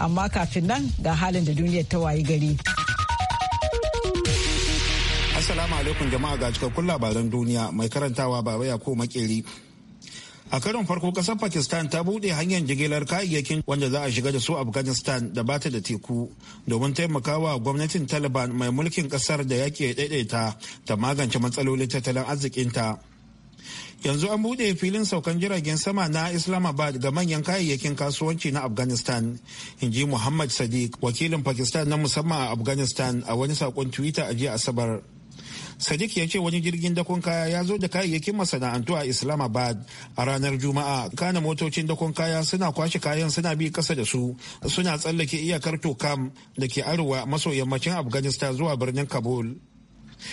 amma kafin nan ga halin da duniyar ta wayi gari. Assalamu alaikum jama'a ga cikakkun labaran duniya mai karantawa baba ya ko makeri. A karin farko kasar Pakistan ta buɗe hanyar jigilar kayayyakin wanda za a shiga da su Afghanistan da bata da teku domin taimakawa gwamnatin Taliban mai mulkin kasar da yake daidaita ta magance matsalolin tattalin arzikinta. yanzu an buɗe filin saukan jiragen sama na islamabad ga manyan kayayyakin kasuwanci na afghanistan in ji muhammad sadiq wakilin pakistan na musamman a afghanistan a wani sakon twitter a jiya asabar sadiq ya ce wani jirgin dakon kaya ya zo da kayayyakin masana'antu a islamabad a ranar juma'a kana motocin dakon kaya suna kwashe kayan suna bi kasa da su suna tsallake iyakar tokam da ke arewa maso yammacin afghanistan zuwa birnin kabul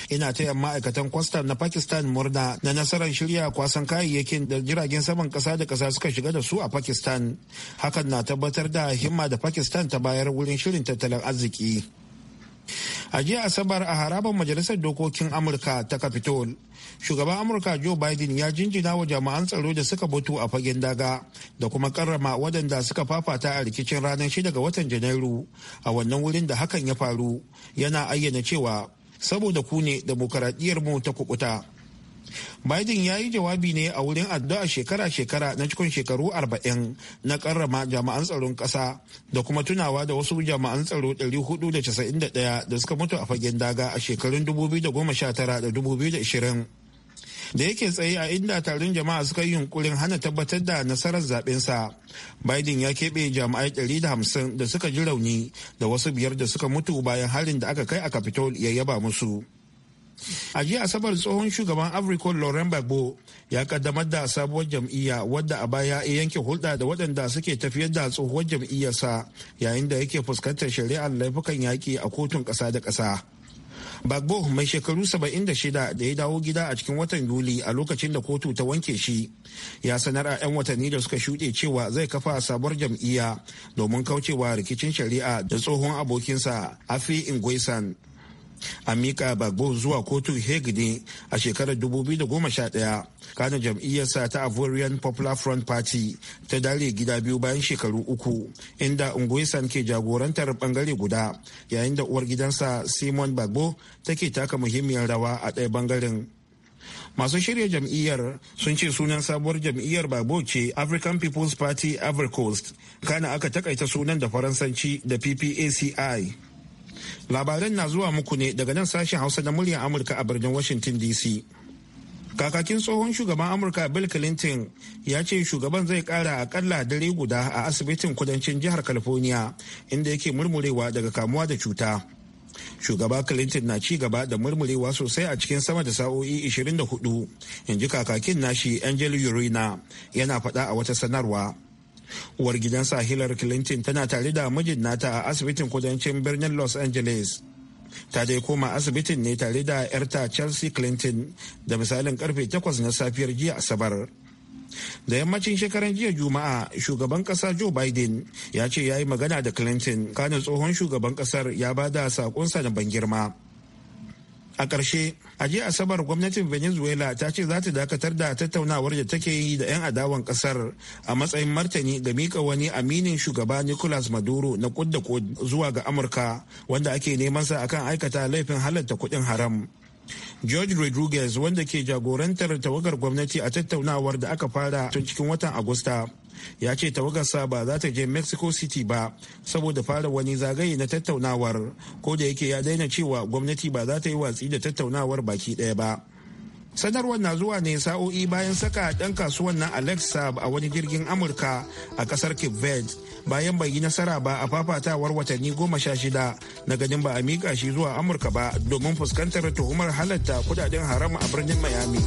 ina taya ma'aikatan kwastar na pakistan murna na nasarar shirya kwasan kayayyakin da jiragen saman kasa da kasa suka shiga da su a pakistan hakan na tabbatar da himma da pakistan ta bayar wurin shirin tattalin arziki a jiya asabar a harabar majalisar dokokin amurka ta capitol shugaban amurka joe biden ya jinjina wa jami'an tsaro da suka mutu a fagen daga da kuma karrama waɗanda suka fafata a rikicin ranar 6 ga watan janairu a wannan wurin da hakan ya faru yana ayyana cewa saboda ku ne mu ta kubuta Biden ya yi jawabi ne a wurin addu'a shekara-shekara na cikin shekaru 40 na karrama jama'an tsaron ƙasa da kuma tunawa da wasu jami'an tsaro 491 da suka mutu a fagen daga a shekarun 2019 da 2020. da yake tsaye a inda taron jama'a suka yi yunkurin hana tabbatar da nasarar zaɓensa biden ya keɓe jami'ai ɗari da hamsin da suka ji rauni da wasu biyar da suka mutu bayan harin da aka kai a capitol ya yaba musu a jiya asabar tsohon shugaban africa lauren gbagbo ya kaddamar da sabuwar jam'iyya wadda a baya ya yanke hulɗa da waɗanda suke tafiyar da tsohuwar jam'iyyarsa yayin da yake fuskantar shari'ar laifukan yaƙi a kotun ƙasa da ƙasa Bagbo mai shekaru 76 da ya dawo gida a cikin watan Yuli a lokacin da kotu ta wanke shi ya sanar a 'yan watanni da suka shuɗe cewa zai kafa sabuwar jam'iyya domin kaucewa rikicin shari'a da tsohon abokinsa Afi Ingwesan a mika bagbo zuwa kotu hague ne a shekarar 2011 kanin jam'iyyarsa ta ivorian popular front party ta dare gida biyu bayan shekaru uku inda unguisan ke jagorantar bangare guda yayin da uwar gidansa simon bagbo take taka muhimmiyar rawa a ɗaya bangaren masu shirya jam'iyyar sun ce sunan sabuwar jam'iyyar babo ce african people's party ivory coast kana aka takaita sunan da faransanci da ppaci Labaran na zuwa muku ne daga nan sashen Hausa na muryar Amurka a birnin Washington DC. Kakakin tsohon shugaban Amurka Bill Clinton ya ce shugaban zai kara akalla dare guda a asibitin kudancin jihar California inda yake murmurewa daga kamuwa da cuta. Shugaba Clinton na ci gaba da murmurewa sosai a cikin sama da sa'o'i 24, in ji kakakin nashi Angel Urina yana faɗa a wata sanarwa. uwar gidansa hillary clinton tana tare da mijin nata a asibitin kudancin birnin los angeles ta dai koma asibitin ne tare da 'yarta chelsea clinton da misalin karfe 8 na safiyar jiya asabar da yammacin shekaran jiya juma'a shugaban kasa joe biden ya ce ya yi magana da clinton kanin tsohon shugaban kasar ya bada da sakonsa da ban girma A ƙarshe, a jiya Asabar gwamnatin Venezuela ta ce za ta dakatar da tattaunawar da take yi da 'yan adawan ƙasar a matsayin martani ga mika wani aminin shugaba Nicolas Maduro na kud da zuwa ga Amurka wanda ake neman sa akan aikata laifin halatta kuɗin haram. George Rodriguez wanda ke jagorantar tawagar gwamnati a tattaunawar da aka fara tun cikin watan Agusta ya ce tawagarsa ba za ta je Mexico City ba saboda fara wani zagaye na tattaunawar ko da yake ya daina cewa gwamnati ba za ta yi watsi da tattaunawar baki ɗaya ba. sanarwar na zuwa ne sa'o'i bayan saka ɗan kasuwan na alexa a wani jirgin amurka a ƙasar cape verde bayan bai yi nasara ba a fafatawar watanni goma sha shida na ganin ba a miƙa shi zuwa amurka ba domin fuskantar tuhumar halatta kudaden haram a birnin miami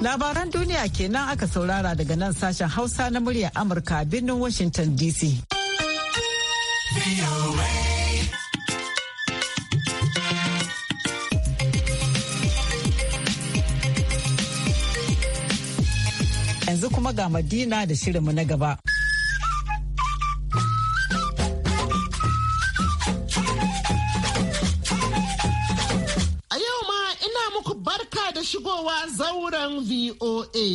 labaran duniya kenan aka saurara daga nan sashen hausa na murya amurka birnin washington dc yanzu kuma ga Madina da shirinmu na gaba. A yau ma ina muku barka da shigowa zauren VOA.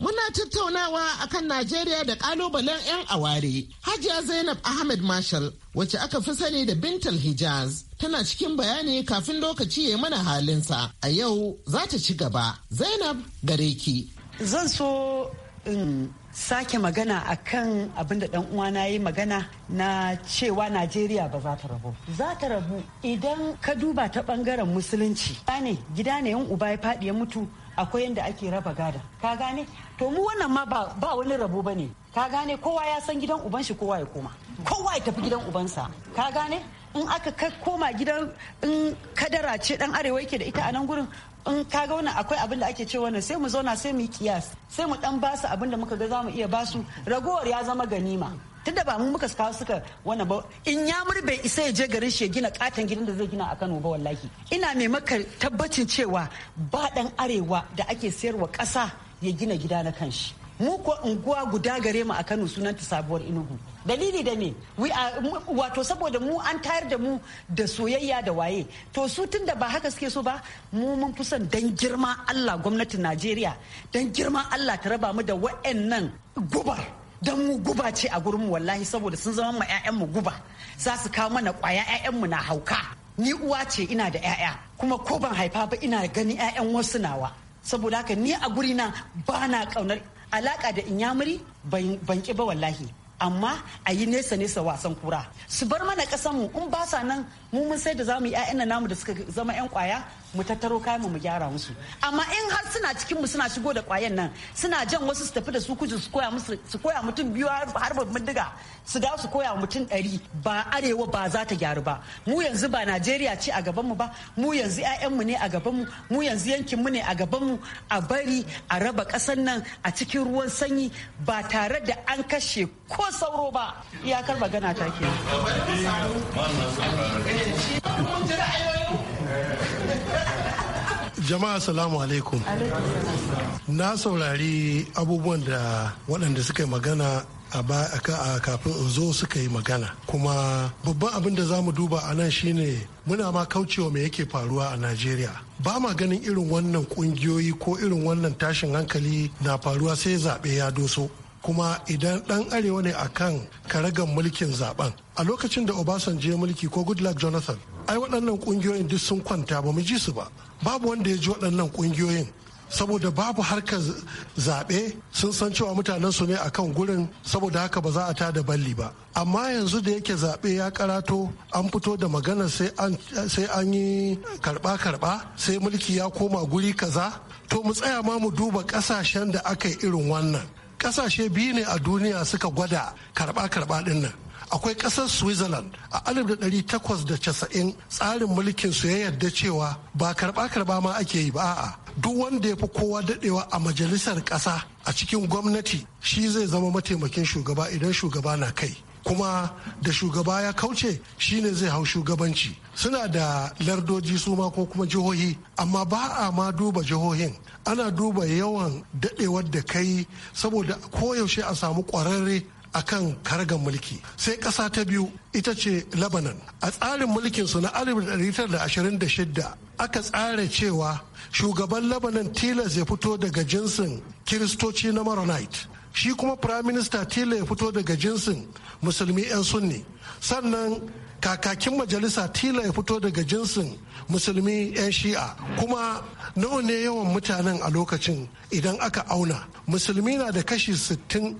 Muna tattaunawa a kan Najeriya da ƙalubalen 'yan aware. Hajiya Zainab Ahmed Marshall, wacce aka fi sani da Bintal Hijaz, tana cikin bayani kafin lokaci ya mana halinsa. A yau za ta ci gaba. Zainab gare ki. Zan so in sake magana a kan abinda da uwa na yi magana na cewa najeriya ba za ta rabu za ta rabu idan ka duba ta bangaren musulunci ne gida ne yan uba ya faɗi ya mutu akwai yadda ake raba gada ka gane to mu wannan ma ba wani rabo ba ne ka gane kowa ya san gidan uban shi kowa ya koma kowa ya tafi gidan ubansa ka gane in aka koma gidan in kadara ce dan arewa yake da ita a nan gurin in ka ga wannan akwai abin da ake cewa wannan sai mu zauna sai mu yi kiyas sai mu dan basu abin da muka ga za mu iya basu ragowar ya zama ganima tunda ba mu muka kawo suka wannan ba in ya murbe isa ya je garin shi ya gina katon gidan da zai gina a Kano ba wallahi ina mai maka tabbacin cewa ba dan arewa da ake sayarwa kasa ya gina gida na kanshi mu ko unguwa guda gare mu a Kano sunanta sabuwar inugu dalili da ne wato saboda mu an tayar da mu da soyayya da waye to su tun da ba haka suke so ba mu mun fi son dan girma Allah gwamnatin Najeriya dan girma Allah ta raba mu da wa'annan gubar dan mu guba ce a gurin mu wallahi saboda sun zama ma 'ya'yan mu guba za su kawo mana kwaya 'ya'yan mu na hauka ni uwa ce ina da 'ya'ya kuma ko ban haifa ba ina gani 'ya'yan wasu nawa saboda haka ni a gurina ba na kaunar alaka da inyamuri ban ba wallahi amma a yi nesa nesa wasan kura su bar mana kasanmu in ba sa nan mu mun sai da zamu yi 'ya'yan namu da suka zama 'yan kwaya mu tattaro kayan mu mu gyara musu amma in har suna cikin mu suna shigo da kwayan nan suna jan wasu su tafi da su kuji su koya musu su koya mutum biyu har mun diga su ga su koya mutum ɗari ba arewa ba za ta gyaru ba mu yanzu ba najeriya ce a gaban mu ba mu yanzu mu ne a gaban mu mu yanzu yankin mu ne a gaban mu a bari a raba ƙasar nan a cikin ruwan sanyi ba tare da an kashe ko sauro ba iyakar magana ta ke. jama'a salamu alaikum na saurari abubuwan da waɗanda suka yi magana a kafin in zo suka yi magana kuma babban abin da za mu duba a nan shine muna ma kaucewa me yake faruwa a najeriya ba ma ganin irin wannan kungiyoyi ko irin wannan tashin hankali na faruwa sai zaɓe ya doso kuma idan dan arewa ne akan karagan mulkin zaben a lokacin da obasanjo mulki ko goodluck jonathan ai waɗannan ƙungiyoyin duk sun kwanta ba mu ji su ba babu wanda ya ji waɗannan ƙungiyoyin saboda babu harkar zaɓe sun san cewa mutanen su ne akan gurin saboda haka ba za a tada balli ba amma yanzu da yake zaɓe ya karato an fito da magana sai an yi karɓa-karɓa sai mulki ya koma guri kaza to mu tsaya ma mu duba ƙasashen da aka yi irin wannan kasashe biyu ne a duniya suka gwada karba-karba din nan akwai kasar switzerland a 1890 tsarin mulkin su ya yarda cewa ba karba-karba ma ake yi ba a'a duk wanda ya fi kowa dadewa a majalisar kasa a cikin gwamnati shi zai zama mataimakin shugaba idan shugaba na kai kuma da shugaba ya kauce shine zai hau shugabanci suna da lardoji suma ko kuma jihohi amma ba a ma duba jihohin ana duba yawan dadewar da kai saboda koyaushe a samu kwararre a kan kargan mulki sai ƙasa ta biyu ita ce lebanon a tsarin mulkinsu na 1926 aka tsara cewa shugaban lebanon tilas ya fito daga jinsin kiristoci na maronite shi kuma prime minister tila ya fito daga jinsin musulmi 'yan sunni sannan kakakin majalisa tila ya fito daga jinsin musulmi 'yan shi'a kuma nawa ne yawan mutanen a lokacin idan aka auna musulmi na da kashi 61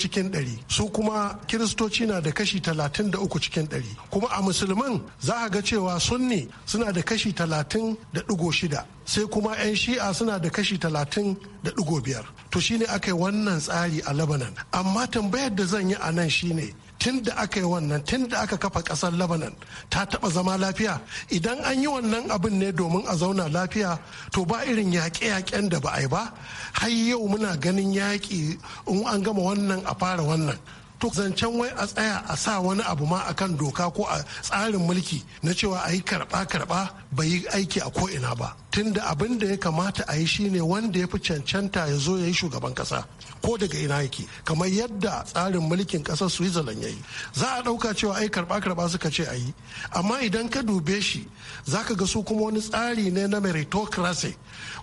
cikin 100 su kuma kiristoci na da kashi 33 cikin 100 kuma a musulman za a ga cewa sunni suna da kashi 30.6 sai kuma 'yan shi'a suna da kashi 30.5 to shine aka yi wannan tsari a labanan amma tambayar da zan yi a nan shine tun da aka yi wannan tun da aka kafa kasar lebanon ta taba zama lafiya idan an yi wannan abin ne domin a zauna lafiya to ba irin yaƙe-yaƙen da ba a yi ba har yau muna ganin yaƙi in an gama wannan a fara wannan to zancen wai a tsaya a sa wani abu ma a kan doka ko a tsarin mulki na cewa a yi karɓa-karɓa bai yi aiki a ko'ina ba tunda abin da ya kamata a yi shine wanda ya fi cancanta ya zo ya yi shugaban kasa ko daga ina yake kamar yadda tsarin mulkin kasar switzerland ya yi za a ɗauka cewa ai karɓa karɓa suka ce a yi amma idan ka dube shi za ka ga su kuma wani tsari ne na meritocracy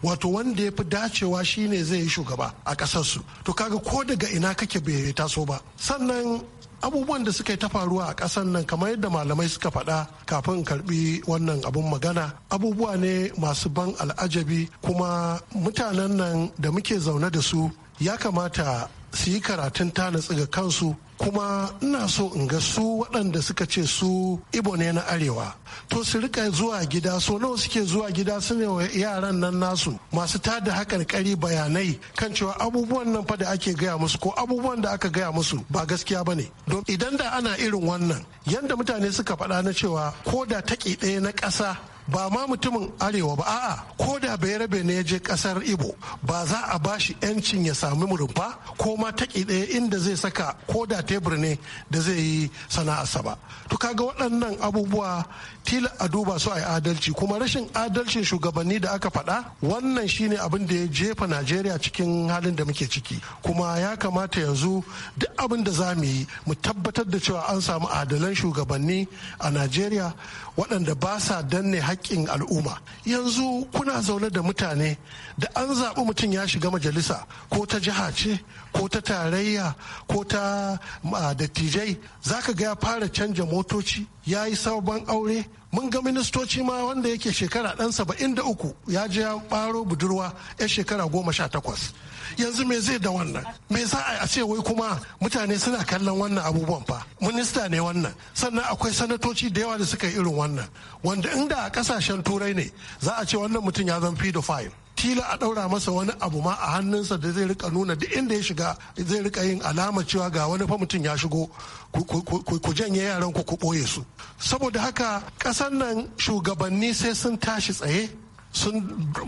wato wanda ya fi dacewa ne zai yi shugaba a su to kaga ko daga ina kake bai taso ba sannan abubuwan da suka yi ta faruwa a ƙasar nan kamar yadda malamai suka faɗa kafin karɓi wannan abun magana abubuwa ne masu ban al'ajabi kuma mutanen nan da muke zaune da su ya kamata su yi karatun ta natsu ga kansu kuma ina so in ga su waɗanda suka ce su ibo ne na arewa to su rika zuwa gida so nawa suke zuwa gida su ne wa yaran nan nasu masu tada kari bayanai kan cewa abubuwan nan fa da ake gaya musu ko abubuwan da aka gaya musu ba gaskiya ba ne don idan da ana irin wannan yanda mutane suka faɗa na cewa ko da taƙi ɗaya na ƙasa ba ma mutumin arewa ba a'a ko da bai rabe ne ya je kasar ibo ba za a bashi yancin ya sami murumfa ko ma taki ɗaya inda zai saka ko da tebur ne da zai yi sana'arsa ba to kaga waɗannan abubuwa tila a duba su a yi adalci kuma rashin adalcin shugabanni da aka faɗa wannan shine abin da ya jefa najeriya cikin halin da muke ciki kuma ya kamata yanzu duk abin da za mu yi mu tabbatar da cewa an samu adalan shugabanni a najeriya waɗanda ba sa danne haƙƙin al'umma yanzu kuna zaune da mutane da an zaɓi mutum ya shiga majalisa ko ta jiha ce ko ta tarayya ko ta dattijai za ka ga ya fara canja motoci ya yi sabon aure mun ga ministoci ma wanda yake shekara ɗan saba'in da uku ya je ya ɓaro budurwa 'yan shekara goma sha takwas yanzu me zai da wannan me za a ce wai kuma mutane suna kallon wannan abubuwan fa minista ne wannan sannan akwai sanatoci da yawa da suka yi irin wannan wanda inda a kasashen turai ne za a ce wannan mutum ya zama pedophile Tila a ɗaura masa wani abu ma a hannunsa da zai rika nuna duk inda ya shiga zai rika yin alama cewa ga wani fa mutum ya shigo ku janye yaran ku ku ɓoye su saboda haka ƙasar nan shugabanni sai sun tashi tsaye sun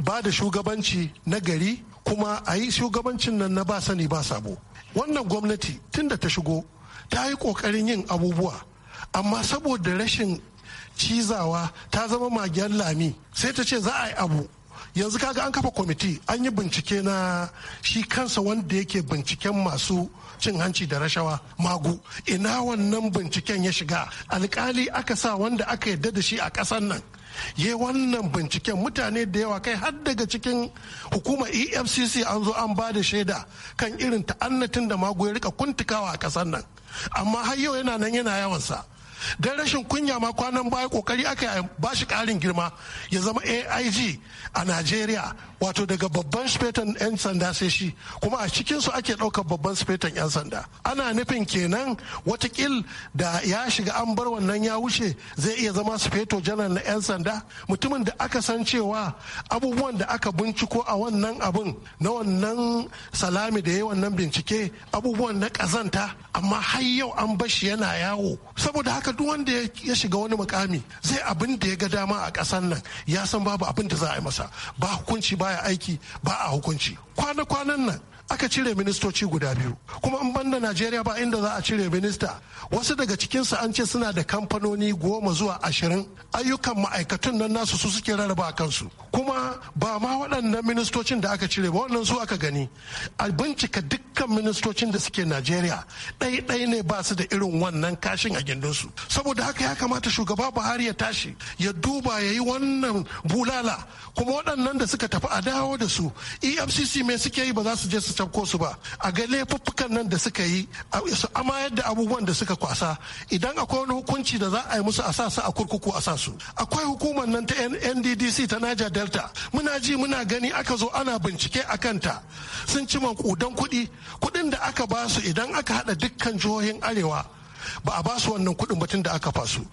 ba da shugabanci na gari kuma a yi shugabancin nan na ba sani ba sabo wannan gwamnati tun da ta shigo ta yi ƙoƙarin yin abubuwa amma saboda rashin cizawa ta zama magiyar lami sai ta ce za a yi abu yanzu kaga an kafa kwamiti an yi bincike na shi kansa wanda yake binciken masu cin hanci da rashawa magu ina wannan binciken ya shiga alkali aka sa wanda aka yadda da shi a ƙasar nan ye wannan binciken mutane da yawa kai har daga cikin hukumar efcc an zo an ba da shaida kan irin ta'annatin da magoya ya rika kuntukawa a kasar nan amma har yau yana nan yana yawansa dan rashin kunya ma kwanan baya kokari aka yi ba shi karin girma ya zama aig a najeriya wato daga babban spetan 'yan sanda sai shi kuma a cikin su ake ɗaukar babban spetan 'yan sanda ana nufin kenan watakil da ya shiga an bar wannan ya wuce zai iya zama speto janar na 'yan sanda mutumin da aka san cewa abubuwan da aka binciko a wannan abun na wannan salami da ya wannan bincike abubuwan na kazanta amma har yau an bashi yana yawo saboda haka haka duk wanda ya shiga wani mukami zai abin da ya ga dama a ƙasan nan ya san babu abin da za a yi masa ba hukunci baya aiki ba a hukunci kwana-kwanan nan aka cire ministoci guda biyu kuma in banda najeriya ba inda za a cire minista wasu daga cikinsu an ce suna da kamfanoni goma zuwa ashirin ayyukan ma'aikatun nan nasu su suke rarraba kansu kuma ba ma waɗannan ministocin da aka cire ba waɗannan su aka gani a bincika dukkan ministocin da suke najeriya ɗai ne ba su da irin wannan kashin a gindinsu saboda haka ya kamata shugaba buhari ya tashi ya duba ya yi wannan bulala kuma waɗannan da suka tafi a dawo da su efcc mai suke yi ba za su je su su su ba a ga laifuffukan nan da suka yi su amayar da abubuwan da suka kwasa idan akwai wani hukunci da za a yi musu a sa su a kurkuku a sa su akwai hukumar nan ta nddc ta niger delta muna ji muna gani aka zo ana bincike a kanta sun ci kudan kuɗi kuɗin da aka ba su idan aka haɗa dukkan jihohin arewa ba a basu wannan kuɗin ba tunda aka fasu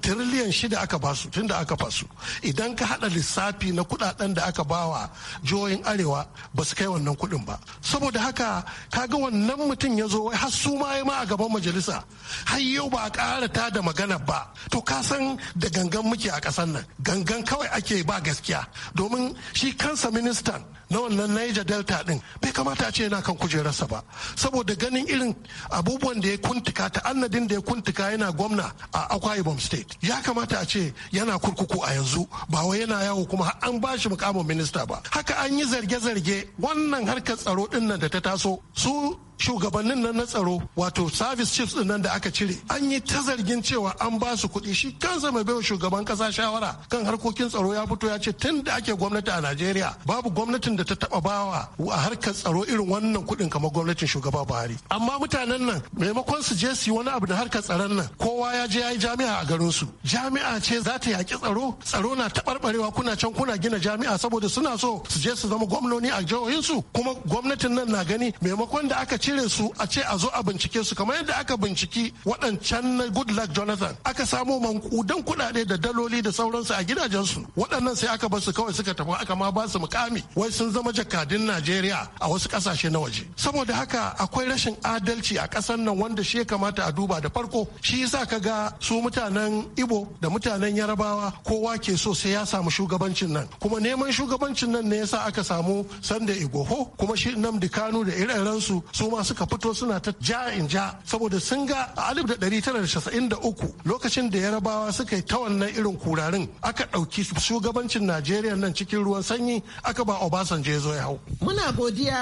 tiriliyan shida aka basu tunda aka fasu idan ka hada lissafi na kuɗaɗen da aka bawa jihohin arewa ba su kai wannan kuɗin ba saboda haka ka ga wannan mutum ya zo wai har su ma ma a gaban majalisa har yau ba a kara ta da magana ba to ka san da gangan muke a kasar nan gangan kawai ake ba gaskiya domin shi kansa ministan na wannan Niger Delta din bai kamata a ce yana kan kujerarsa ba saboda ganin irin abubuwan da ya kuntuka ta sanadin da ya kuntuka yana gwamna a akwa ibom state ya kamata a ce yana kurkuku a yanzu ba wai yana yawo kuma an ba shi mukamin minista ba haka an yi zarge-zarge wannan harkar tsaro din da ta taso su shugabannin nan na tsaro wato service chiefs din nan da aka cire an yi ta zargin cewa an ba su kuɗi shi kansa mai baiwa shugaban kasa shawara kan harkokin tsaro ya fito ya ce tun da ake gwamnati a Najeriya babu gwamnatin da ta taba bawa a harkar tsaro irin wannan kuɗin kamar gwamnatin shugaba Buhari amma mutanen nan maimakon su je su yi wani abu da harkar tsaron nan kowa ya je ya yi jami'a a garin su jami'a ce za ta yaki tsaro tsaro na taɓarɓarewa kuna can kuna gina jami'a saboda suna so su je su zama gwamnoni a su kuma gwamnatin nan na gani maimakon da aka cire su a ce a zo a bincike su kamar yadda aka binciki waɗancan na goodluck jonathan aka samo mankudan kuɗaɗe da daloli da sauransu a gidajensu waɗannan sai aka basu kawai suka tafi aka ma basu mukami wai sun zama jakadin najeriya a wasu ƙasashe na waje saboda haka akwai rashin adalci a ƙasar nan wanda shi ya kamata a duba da farko shi yasa ka ga su mutanen ibo da mutanen yarabawa kowa ke so sai ya samu shugabancin nan kuma neman shugabancin nan ne yasa aka samu sanda igoho kuma shi namdi kanu da ire su su kuma suka fito suna ta ja in ja saboda sun ga a 1993 lokacin da yarabawa suka yi ta wannan irin kurarin aka ɗauki shugabancin najeriya nan cikin ruwan sanyi aka ba obasanjo ya zo ya hau muna godiya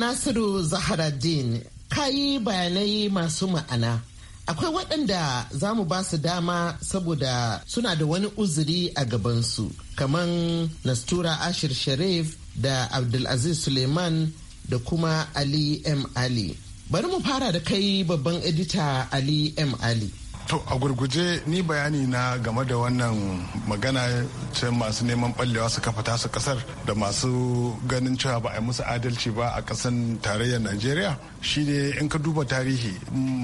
nasiru zaharaddin kayi bayanai masu ma'ana akwai waɗanda za mu ba su dama saboda suna da wani uzuri a gabansu kamar nastura ashir sharif da abdulaziz suleiman da kuma Ali M. Ali. Bari mu fara da kai babban edita Ali M. Ali. To a gurguje ni bayani na game da wannan magana ce masu neman ballewa su kafa tasu ƙasar da masu ganin cewa ba a yi musu adalci ba a kasan tarayyar Najeriya shi ne in ka duba tarihi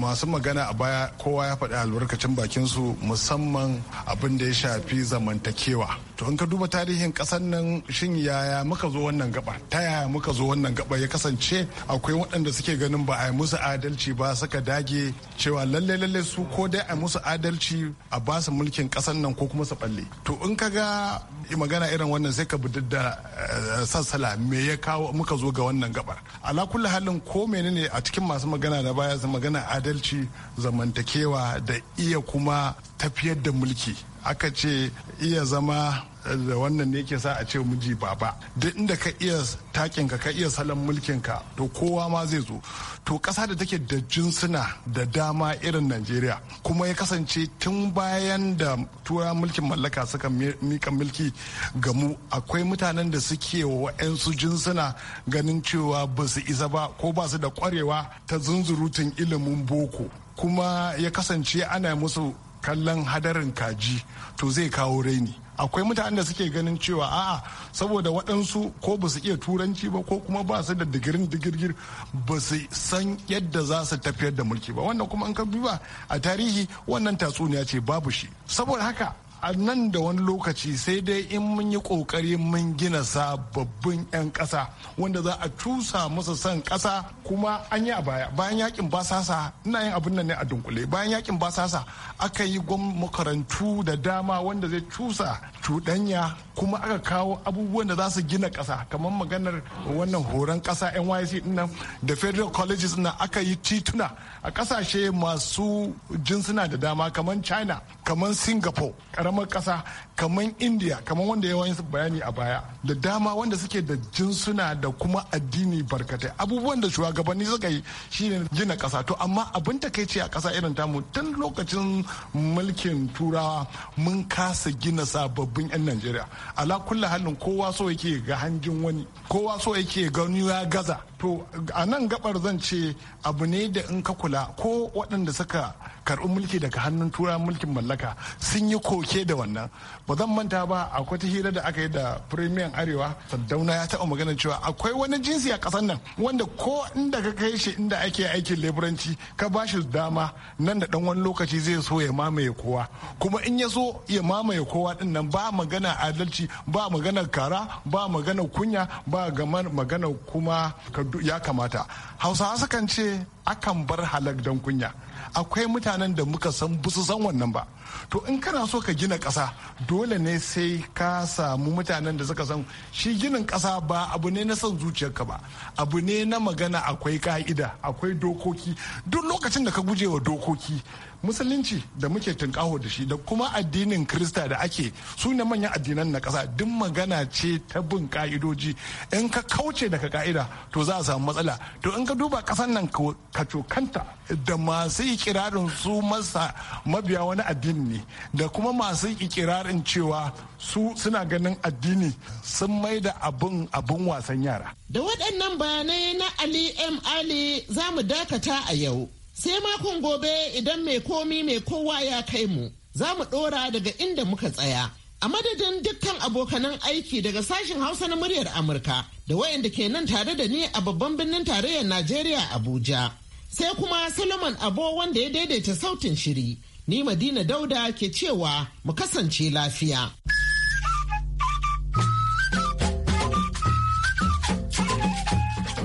masu magana a baya kowa ya faɗi albarkacin bakinsu musamman abin da ya shafi zamantakewa. to in ka duba tarihin ƙasar nan shin yaya muka zo wannan gaba ta yaya muka zo wannan gaba ya kasance akwai waɗanda suke ganin ba a yi musu adalci ba suka dage cewa lalle lalle su ko dai a yi musu adalci a ba su mulkin ƙasar nan ko kuma su balle to in ka ga magana irin wannan sai ka bi da eh, sassala me ya kawo muka zo ga wannan gabar ala kulli halin ko menene a cikin masu magana da baya su magana adalci zamantakewa da iya kuma tafiyar da mulki aka ce iya zama eh, da wannan ne ke sa a ce miji baba duk inda ka iya takin ka ka iya salon mulkin ka to kowa ma zai zo to ƙasa da take da jinsuna da dama irin najeriya kuma ya kasance tun bayan da tura mulkin mallaka suka mika mulki ga mu akwai mutanen da suke wa wa'yansu jinsuna ganin cewa ba su isa ba ko ba su da kwarewa ta zunzurutun ilimin boko kuma ya kasance ana musu kallon hadarin kaji to zai kawo raini akwai mutanen da suke ganin cewa a'a saboda waɗansu ko ba su iya turanci ba ko kuma ba su da digirin digirgir ba su san yadda za su tafiyar da mulki ba wannan kuma an ka ba a tarihi wannan tatsuniya ce babu shi saboda haka a nan da wani lokaci sai dai in mun yi kokari mun gina sababbin 'yan ƙasa wanda za a cusa masa son ƙasa kuma an yi a baya bayan yakin basasa ina yin abin nan ne a dunkule bayan yakin basasa aka yi gwam makarantu da dama wanda zai cusa cuɗanya kuma aka kawo abubuwan da za su gina ƙasa kamar maganar wannan horon ƙasa nyc dinnan da federal colleges na aka yi tituna a ƙasashe masu jinsuna da dama kamar china kamar singapore karamar kasa kamar indiya kamar wanda ya yi bayani a baya da dama wanda suke da jinsuna da kuma addini barkatai abubuwan da shugabanni suka yi shine gina kasa to amma abin takaici a kasa irin tamu tun lokacin mulkin turawa mun kasa gina sababbin 'yan najeriya ala kulla halin kowa so yake ga hanjin wani kowa so yake ga ya gaza to a nan gabar zan ce abu ne da in ka kula ko waɗanda suka karɓi mulki daga hannun tura mulkin mallaka sun yi koke da wannan ba zan manta ba akwai ta hira da aka yi da firimiyan arewa saddauna ya taɓa magana cewa akwai wani jinsi a ƙasar nan wanda ko inda ka kai shi inda ake aikin leburanci ka ba shi dama nan da ɗan wani lokaci zai so ya mamaye kowa kuma in ya so ya mamaye kowa ɗin nan ba magana adalci ba magana kara ba magana kunya ba gamar magana kuma ka ya kamata hausawa sukan ce akan bar halak don kunya akwai mutanen da muka san busu san wannan ba to in kana so ka gina ƙasa dole ne sai ka samu mutanen da suka san shi ginin ƙasa ba abu ne na son zuciyarka ba abu ne na magana akwai ka'ida akwai dokoki duk lokacin da ka guje wa dokoki musulunci da muke tunkaho da shi da kuma addinin krista da ake su ne manyan addinan na ƙasa duk magana ce ta bin ka'idoji in ka kauce daga ƙa'ida to za a samu matsala to in ka duba ƙasan nan ka cokanta da masu ikirarin su masa mabiya wani addini ne da kuma masu ikirarin cewa su suna ganin addini sun mai da abin abin wasan yara da waɗannan bayanai na ali m ali za mu dakata a yau Sai makon gobe idan mai komi mai kowa ya kai mu, za mu ɗora daga inda muka tsaya. A madadin dukkan abokanan aiki daga sashen Hausa na muryar Amurka da wayanda ke nan tare da ni a babban birnin tarayyar Najeriya Abuja. Sai kuma Solomon Abo wanda ya daidaita sautin shiri. Ni Madina Dauda ke cewa mu kasance lafiya.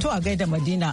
To a gaida Madina.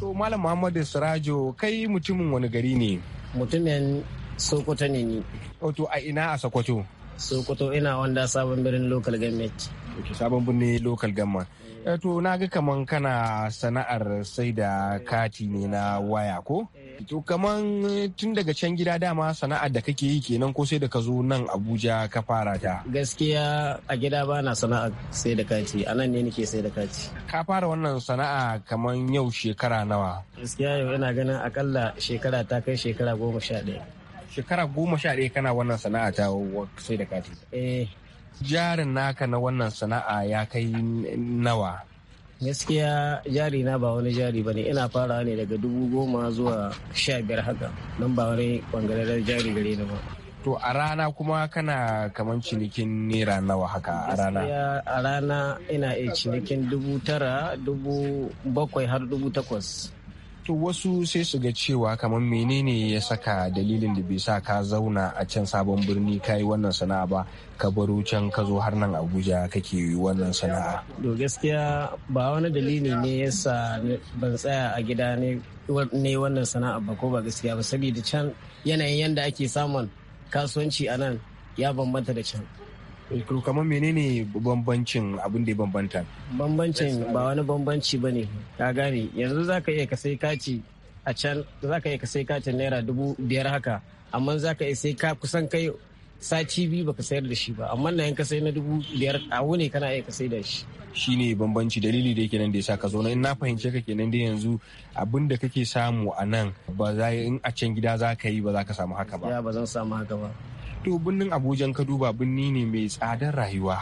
To Malam Muhammadu Sirajo kai mutumin wani gari ne? Mutumin Sokoto ne ni. Wato a ina a Sokoto? Sokoto ina wanda sabon birnin local government. Okay, sabon birnin local government. Eh, to na ga kaman kana sana'ar sai da kati ne na waya ko? To kaman eh, tun daga can gida dama sana'ar da kake yi kenan ko sai da ka zo nan Abuja ka fara ta. Gaskiya a gida ba na sana'a sai da kati, a nan ne nake sai da kati. Ka fara wannan sana'a kaman yau shekara nawa? Gaskiya yau ina ganin akalla shekara ta kai shekara goma sha ɗaya. Shekara goma sha ɗaya kana wannan sana'a ta sai da kati. Eh. Jarin naka na wannan sana'a ya kai nawa? gaskiya jari na ba wani jari ba ne ina fara ne daga dubu goma zuwa sha biyar haka Nan ba wani bangaren jari gare ni ba to a rana kuma kana kamar cinikin naira nawa haka a rana a rana ina iya cinikin dubu tara dubu bakwai har dubu takwas to wasu sai su ga cewa kamar menene ya saka dalilin da bai sa ka zauna a can sabon birni ka yi wannan sana'a ba ka baro can ka zo har nan abuja kake yi wannan sana'a to gaskiya ba wani dalili ne ya sa ban tsaya a gida ne wannan sana'a ba ko ba gaskiya ba saboda can yanayin yanda ake samun kasuwanci a nan ya bambanta da can kamar menene bambancin abin da ya bambanta bambancin ba wani bambanci ba ne ka gane yanzu za ka iya ka sai kaci a can za ka iya ka sai kacin naira dubu biyar haka amma za ka iya sai ka kusan kai sati biyu baka sayar da shi ba amma na yanka sai na dubu biyar a wuni kana iya ka sai da shi shi ne bambanci dalili da yake nan da ya saka zaune in na fahimce ka kenan da yanzu abin da kake samu a nan ba za in a can gida za ka yi ba za ka samu haka ba ya ba zan samu haka ba to birnin abuja ka duba birni ne mai tsadar rayuwa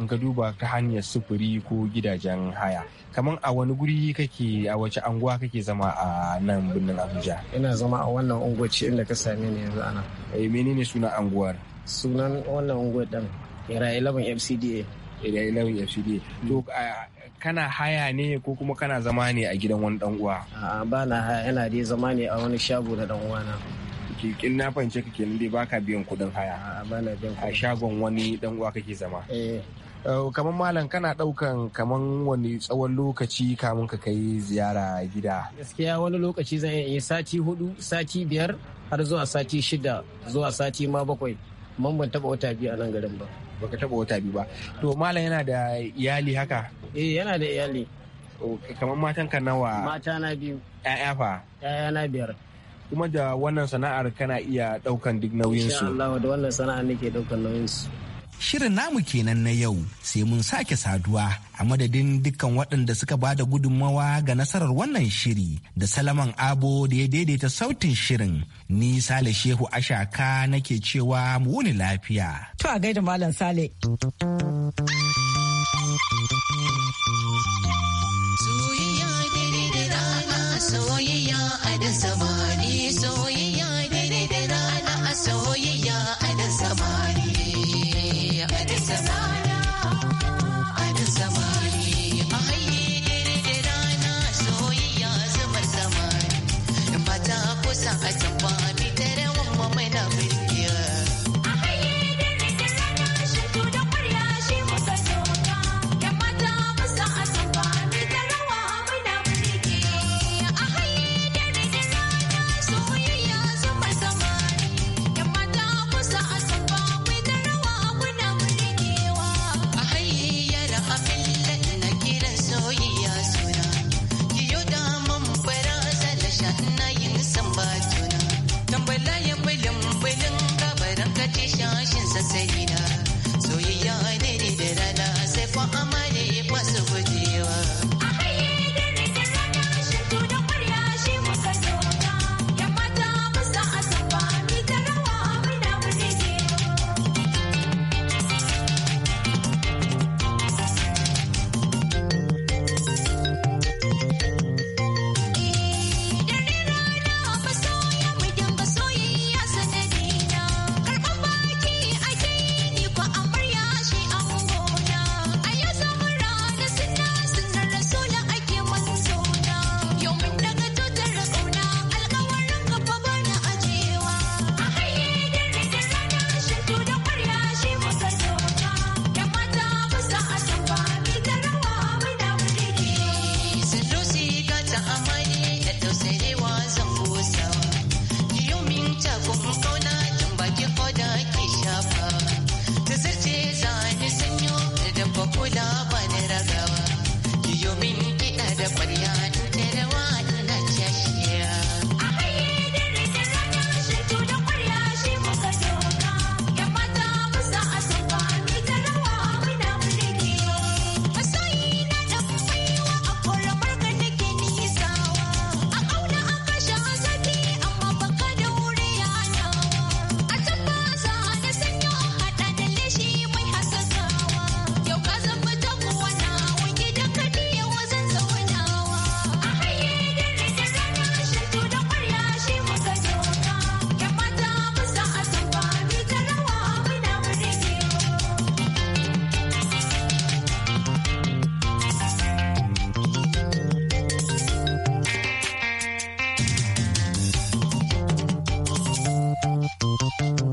in ka duba ta hanyar sufuri ko gidajen haya kamar a wani guri kake a wace anguwa kake zama a nan birnin abuja ina zama a wannan unguwar inda ka same ni yanzu ana eh menene sunan anguwar sunan wannan unguwar dan era 11 fcda era 11 fcda to kana haya ne ko kuma kana zama ne a gidan wani dan uwa a'a ba na haya ina dai zama ne a wani shago na dan uwana in na fahimce ka kenan dai baka biyan kuɗin haya a shagon wani dan uwa kake zama eh. eh, kamar malam kana daukan kamar wani tsawon lokaci kamun ka kai ziyara gida gaskiya wani lokaci zan iya sati hudu sati biyar har zuwa sati shida zuwa sati ma bakwai man ban taba wata biyu a nan garin ba baka taba wata biyu ba to malam yana da iyali haka eh yana da iyali oh, kamar matan ka nawa mata na biyu ƴaƴa fa ƴaƴa na biyar kuma da wannan sana'ar kana iya daukan duk nauyin Allah da wannan sana'ar nake daukan nauyin su Shirin namu kenan na yau sai mun sake saduwa a madadin dukkan waɗanda suka ba da gudunmawa ga nasarar wannan shiri da Salaman Abo da ya daidaita sautin shirin. Ni Sale Shehu Ashaka nake cewa mu wuni lafiya. To a gaida Malam Sale.